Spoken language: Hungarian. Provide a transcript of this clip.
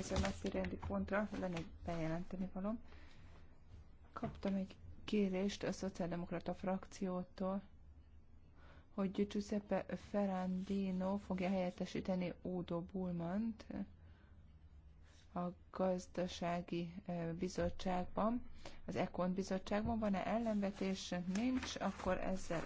következő napi rendi pontra lenne egy bejelenteni valom. Kaptam egy kérést a Szociáldemokrata frakciótól, hogy Giuseppe Ferrandino fogja helyettesíteni Udo Bulmant a gazdasági eh, bizottságban, az Ekon bizottságban. Van-e ellenvetés? Nincs, akkor ezzel